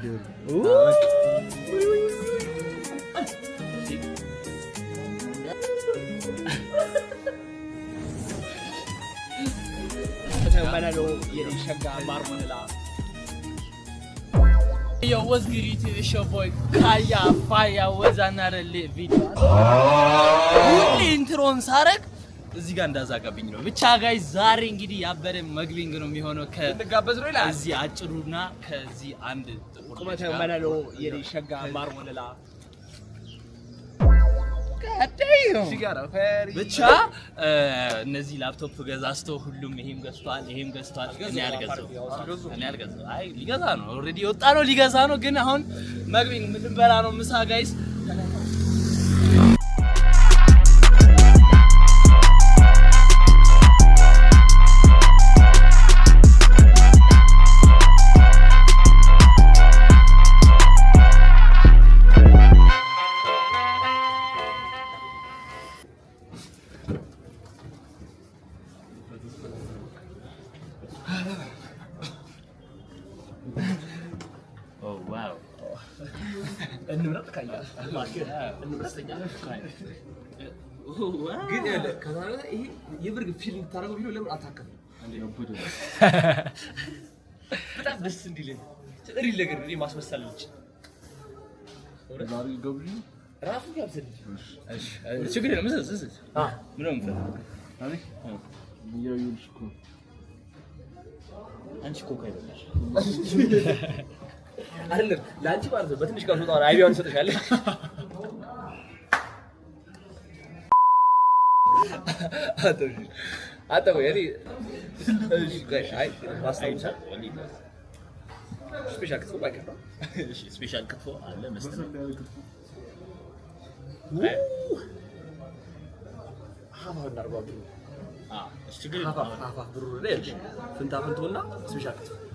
Yo, what's good YouTube? It's your boy Kaya Fire. What's another lit video? Who intro on Sarek? እዚህ ጋር እንዳዛቀብኝ ነው። ብቻ ጋይ ዛሬ እንግዲህ ያበደ መግቢንግ ነው የሚሆነው። ከጋበዝ ነው ይላል እዚህ አጭሩና ከዚህ አንድ ጥቁር ቁመተ መለሎ ሸጋ ማር ወለላ ብቻ እነዚህ ላፕቶፕ ገዛዝቶ ሁሉም ይሄም ገዝቷል፣ ይሄም ገዝቷል። እኔ አልገዛሁም፣ እኔ አልገዛሁም። አይ ሊገዛ ነው ኦልሬዲ የወጣ ነው ሊገዛ ነው። ግን አሁን መግቢንግ ምን ልንበላ ነው ምሳ ጋይስ እንምረጥ ግን ያለ የብርግ ፊልም ታደርገው ቢሆን ለምን አታከፍም? በጣም ደስ እንዲለኝ ሪል ነገር ማስመሰል አንቺ አይደለም ለአንቺ ማለት ነው። በትንሽ ቀን ጣ አይቢያን ይሰጥሻል። ስፔሻል ክትፎ ስፔሻል ክትፎ አለ መሰለኝ። ሀፋፍ ብሩ፣ ፍንታ ፍንቶ እና ስፔሻል ክትፎ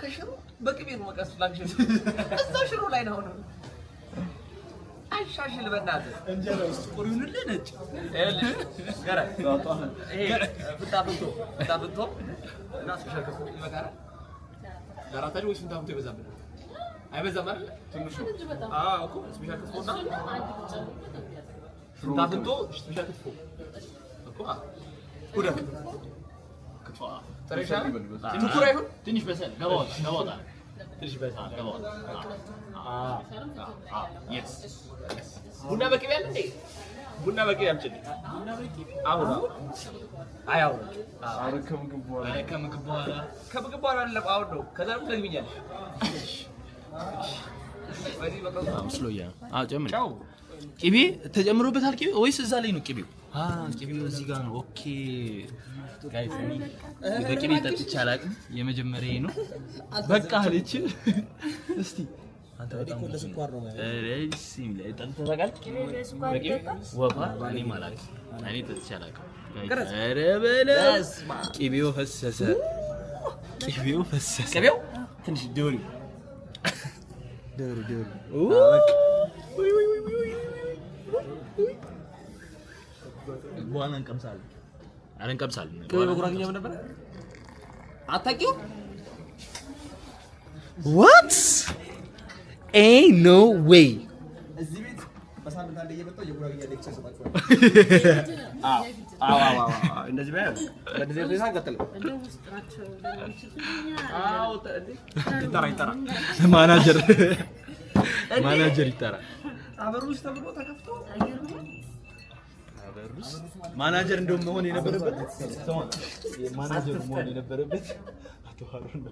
ከሽሮ በቅቤ ነው መቀስ ፍላክሽ እዛ ሽሮ ላይ ነው ነው አሻሽል በእናትህ እንጀራ ውስጥ ቁሪውንል ነጭ ይበዛብን አይበዛም አይደል ትንሽ ክትፎ ቡና በቅቤ አለ ቡና በቅቤ አምጪልኝ። አሁን አሁን ከምግብ በኋላ ከምግብ በኋላ ከምግብ በኋላ አሁን ነው። ከዛ ነው ቅቤ ተጨምሮበታል? ቅቤ ወይስ እዛ ላይ ነው ቅቤው? ቅቤው እዚህ ጋር ነው። ኦኬ ጋይስ፣ በቅቤ ጠጥቼ አላውቅም። የመጀመሪያ ነው። በቃ አለች። እስቲ ቅቤው ፈሰሰ። ቅቤው ፈሰሰ። ቅቤው ትንሽ ዶሪ ዶሪ ዶሪ በኋላ እንቀምሳለን። ኧረ እንቀምሳለን። ጉራግኛ ምን ነበር? አታውቂውም? ዋት ኤ ኖ ዌይ ማናጀር ይጠራል። ቅዱስ ማናጀር እንደውም መሆን የነበረበት ማናጀር መሆን የነበረበት አቶ ሀሩን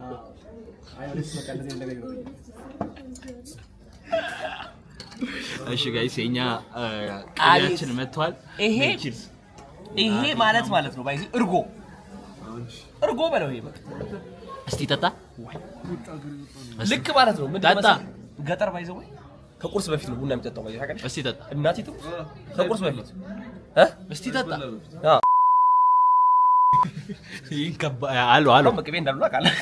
እሺ ጋይስ የኛ ቅቤያችን መጥቷል። ይሄ ይሄ ማለት ማለት ነው ባይዚ እርጎ እርጎ በለው። ይሄ እስቲ ጠጣ ልክ ማለት ነው። ምን ጠጣ ገጠር ባይዘው ከቁርስ በፊት ነው ቡና የሚጠጣው። ባይዚ እስቲ ጠጣ እናቴ ከቁርስ በፊት እስቲ ጠጣ አሉ አሉ ቅቤ እንዳሉ ቃለ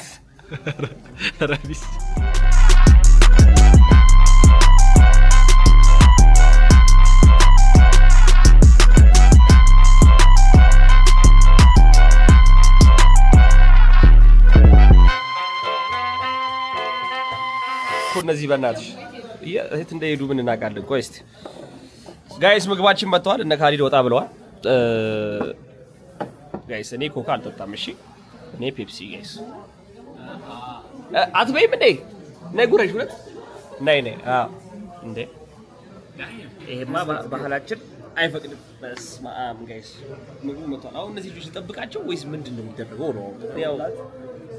እነዚህ በእናትሽ የት እንደሄዱ ምን እናውቃለን? ቆይ እስኪ ጋይስ ምግባችን መጥተዋል። እነ ካሊድ ወጣ ብለዋል። ጋይስ እኔ ኮካ አልጠጣም። እሺ እኔ ፔፕሲ። ጋይስ አትበይም እንዴ? ነይ ጉረሽ ሁለት ነይ ነይ። እንዴ ይሄማ ባህላችን አይፈቅድም። በስመ አብ ጋይስ ምግቡ መጥቷል። አሁን እነዚህ ልጆች ልጠብቃቸው ወይስ ምንድን ነው የሚደረገው? ነው ያው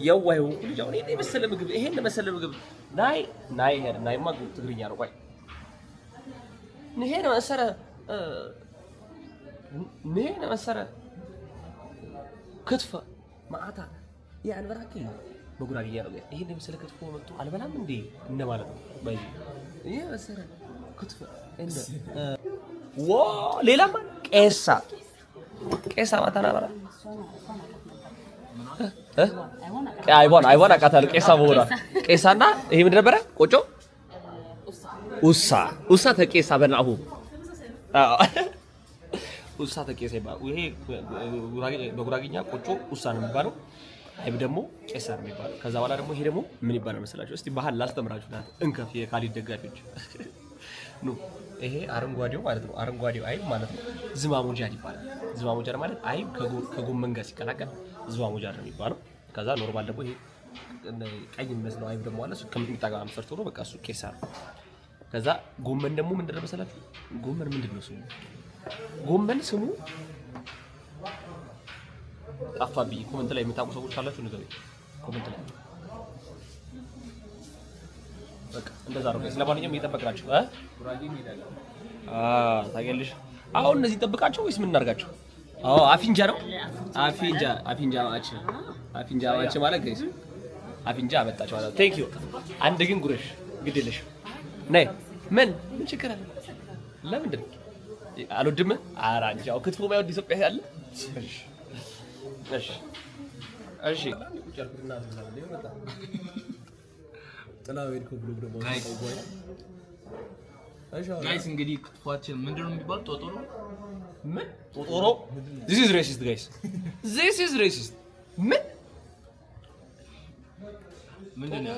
የዋይ ሆንኩ ልጅ አሁን ይሄን የመሰለ ምግብ ይሄን የመሰለ ምግብ ናይ ናይ ሄድ ናይማ ትግርኛ ነው ቆይ ይሄ ንሄነ መሰረ ነው መሰረ ክትፈ ማዓታ የአንበራኪ መጉራድ ይሄ ይሄን የመሰለ ክትፎ መጥቶ አልበላም እንዴ እንደ ማለት ነው። በይ ይሄ መሰለ ክትፎ እንደ ወ ሌላማ ቄሳ ቄሳ ማታና ባራ አይቦን አይቦን አቃታለሁ ቄሳ በሆነ ቄሳና ይሄ ምንድን ነበረ ቆጮ ውሳ ውሳ ተቄሳ በናሁ ውሳ ተቄሳ ይባላል። ይሄ በጉራግኛ ቆጮ ውሳ ነው የሚባለው። አይብ ደግሞ ቄሳ ነው የሚባለው። ከዛ በኋላ ደግሞ ይሄ ደግሞ ምን ይባላል መሰላችሁ? እስቲ ባህል ላስተምራችሁ። ና እንከፍ የካሊድ ደጋፊዎች ኑ። ይሄ አረንጓዴው ማለት ነው። አረንጓዴው አይብ ማለት ነው። ዝማሙጃር ይባላል። ዝማሙጃር ማለት አይብ ከጎመን ጋር ሲቀላቀል ዝማሙጃር ነው የሚባለው። ከዛ ኖርማል ደግሞ ይሄ ቀይ የሚመስለው አይብ ደግሞ አለ። ከሚጣጋ ምሰርት ሆኖ በቃ እሱ ቄሳ ነው። ከዛ ጎመን ደግሞ ምን ነው ጎመን ምንድን ነው ስሙ? ጎመን ስሙ ጠፋብኝ። ኮመንት ላይ የምታውቁ ሰዎች ካላችሁ ንገሩ። ኮመንት ላይ በቃ እንደዛ ነው። ለማንኛውም እየጠበቅናችሁ እ ታውቂያለሽ። አሁን እነዚህ ጠብቃቸው ወይስ ምን እናድርጋቸው? አዎ አፊንጃ ነው አፊንጃ አፊንጃ ማች አፊንጃ ማች ማለት ጋይስ አፊንጃ አመጣቸው ማለት ቴንክ ዩ አንድ ግን ጉረሽ ግድልሽ ነይ። ምን ምን ችግር አለ? ለምንድን አልወድም? ኧረ አንቺ ያው ክትፎ ባይወድ ኢትዮጵያ ያለ እሺ፣ እሺ ጋይስ እንግዲህ ክትፏችን ምንድን ነው የሚባል? ጦጦሮ ምን ጦጦሮ? ዚስ ኢዝ ሬሲስት ጋይስ፣ ዚስ ኢዝ ሬሲስት። ምን ምንድን ነው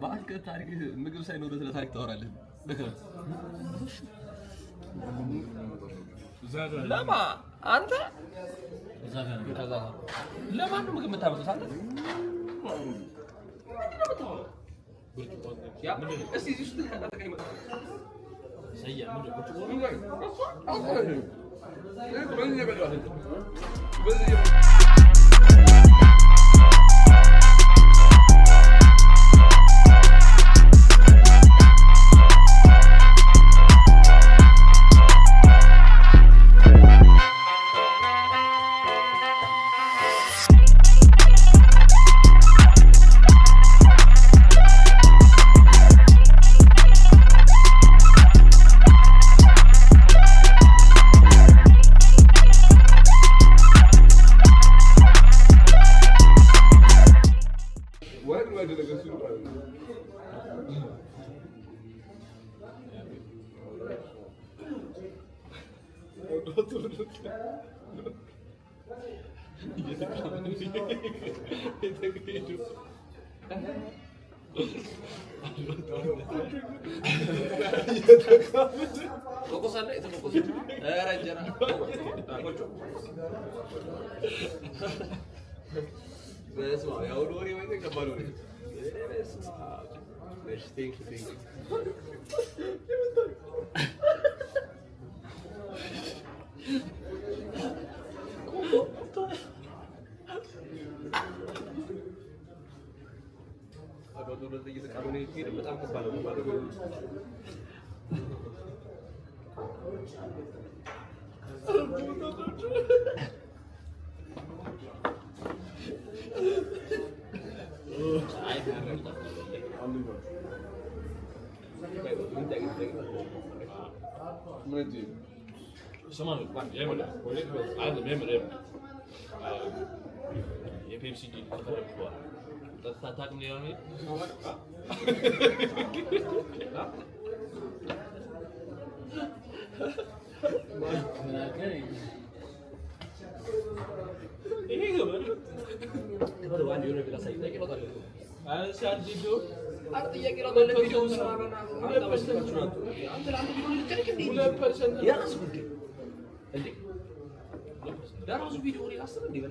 በአንድ ታሪክ ምግብ ሳይኖር ስለ ታሪክ ታወራለህ። ለማ አንተ ለማን ምግብ የምታመጡት? አንተ ምንድን ነው የመጣው ይሄ በጣም ከባድ ነው። ምን ዲ ሰማን ቋን የመለ ወይስ አይደለም የመለ የፔፕሲ ዲ ተፈረቀዋል Yoksa takmıyor muyum? ይሄ ገበር ከተባለ የሆነ ቢላ ሳይታ ይቀራል። ለራሱ ቪዲዮ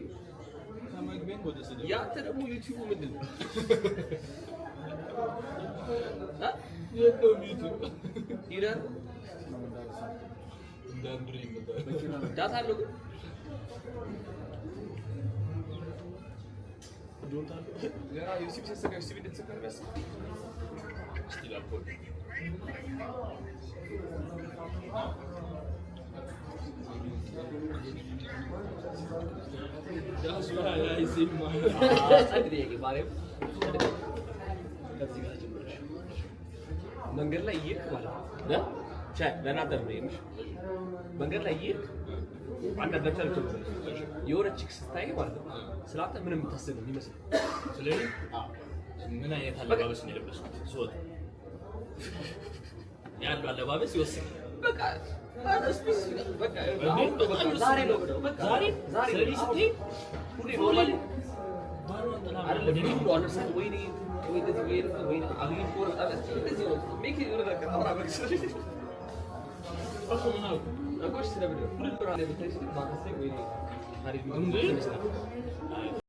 Я терему YouTube мэдэн. Ha? Я там YouTube. Иран? Дандри гэдэг. Да таа лог. Я YouTube сейчас как все видится карвес. Стиля под. መንገድ ላይ ይህ ማለት ነው። ለእናንተ መንገድ ላይ ይህ አንዳንዳቸው ልክ የሆነ ቺክ ስታይ ማለት ነው ስላንተ ምንም የምታስብ የሚመስል ስለዚህ ምን አይነት አለባበስ ነው የለበስኩት ያለው አለባበስ ይወስናል أقول شنو بدو؟ كل القرآن اللي بتعيش فيه ما تصير وين؟ هذه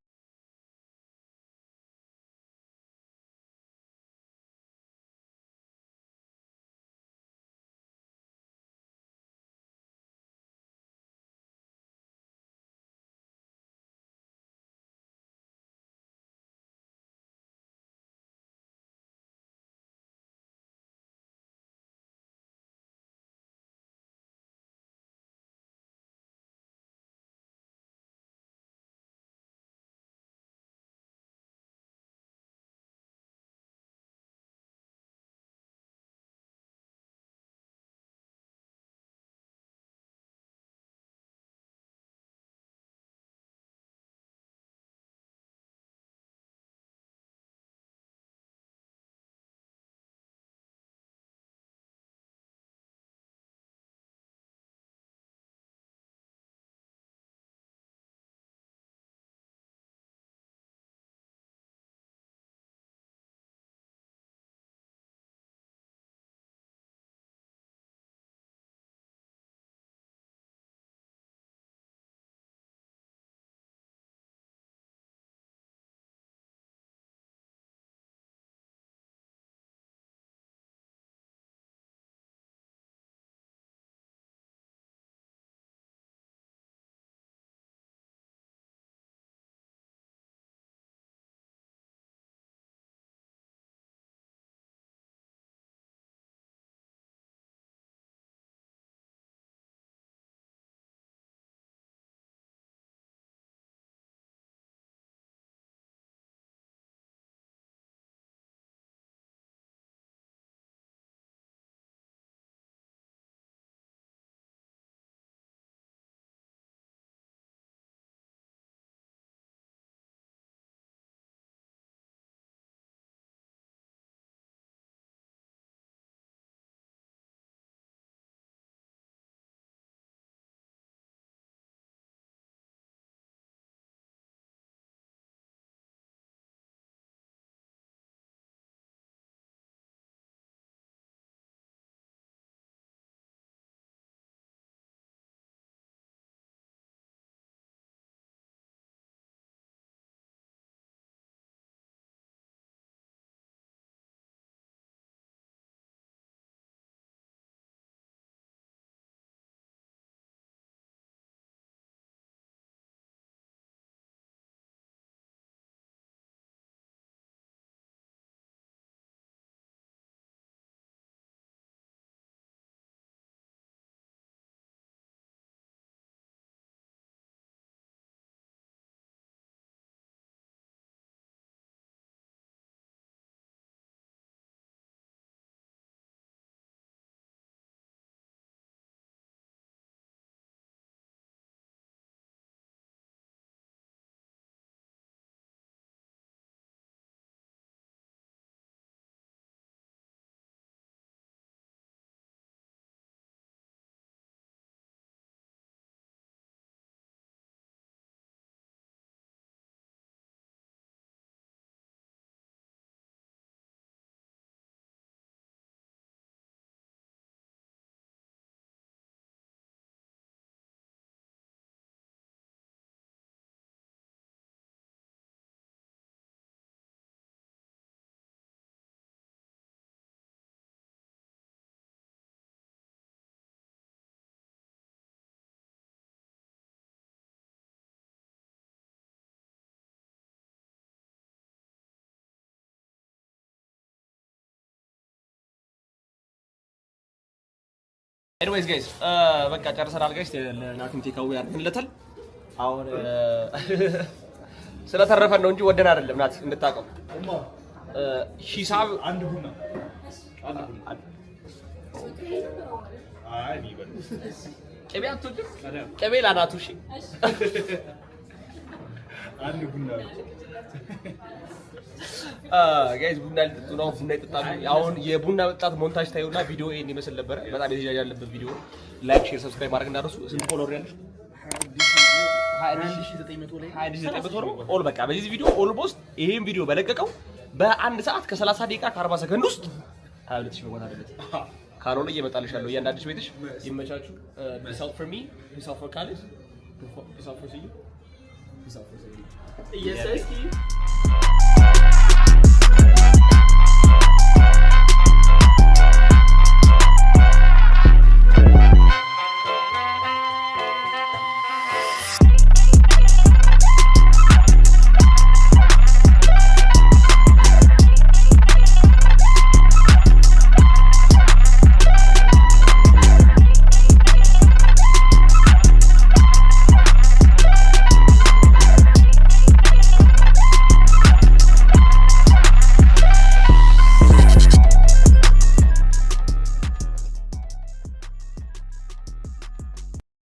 ኤኒዌይስ ጋይስ uh, በቃ ጨርሰናል። ጋይስ ለናቲም ቴካዊ አድርገንለታል። አሁን uh, ስለተረፈን ነው እንጂ ወደን አይደለም። ናት እንድታውቀው ሂሳብ uh, አንድ ቡና ቅቤ ላናቱ እሺ አንድ ቡና ጋይዝ ቡና ሊጠጡ ነው። ቡና ይጠጣሉ። አሁን የቡና መጠጣት ሞንታጅ ታዩና ቪዲዮ ይሄን ይመስል ነበረ። በጣም የተጃጅ ያለበት ቪዲዮ። ላይክ፣ ሼር፣ ሰብስክራይብ ማድረግ እንዳትረሱ። ስንት ፎሎወር ያለሽ? ኦል በቃ በዚህ ቪዲዮ ኦልሞስት ይሄን ቪዲዮ በለቀቀው በአንድ ሰዓት ከ30 ደቂቃ ከ40 ሰከንድ ውስጥ 22 ሺህ መግባት አለበት። ካልሆነ እየመጣልሽ ያለው እያንዳንድሽ ቤትሽ ይመቻችሁ። ሚ አውት ፎር ፎር ፎር ሲዩ ሲዩ ሚ Thank you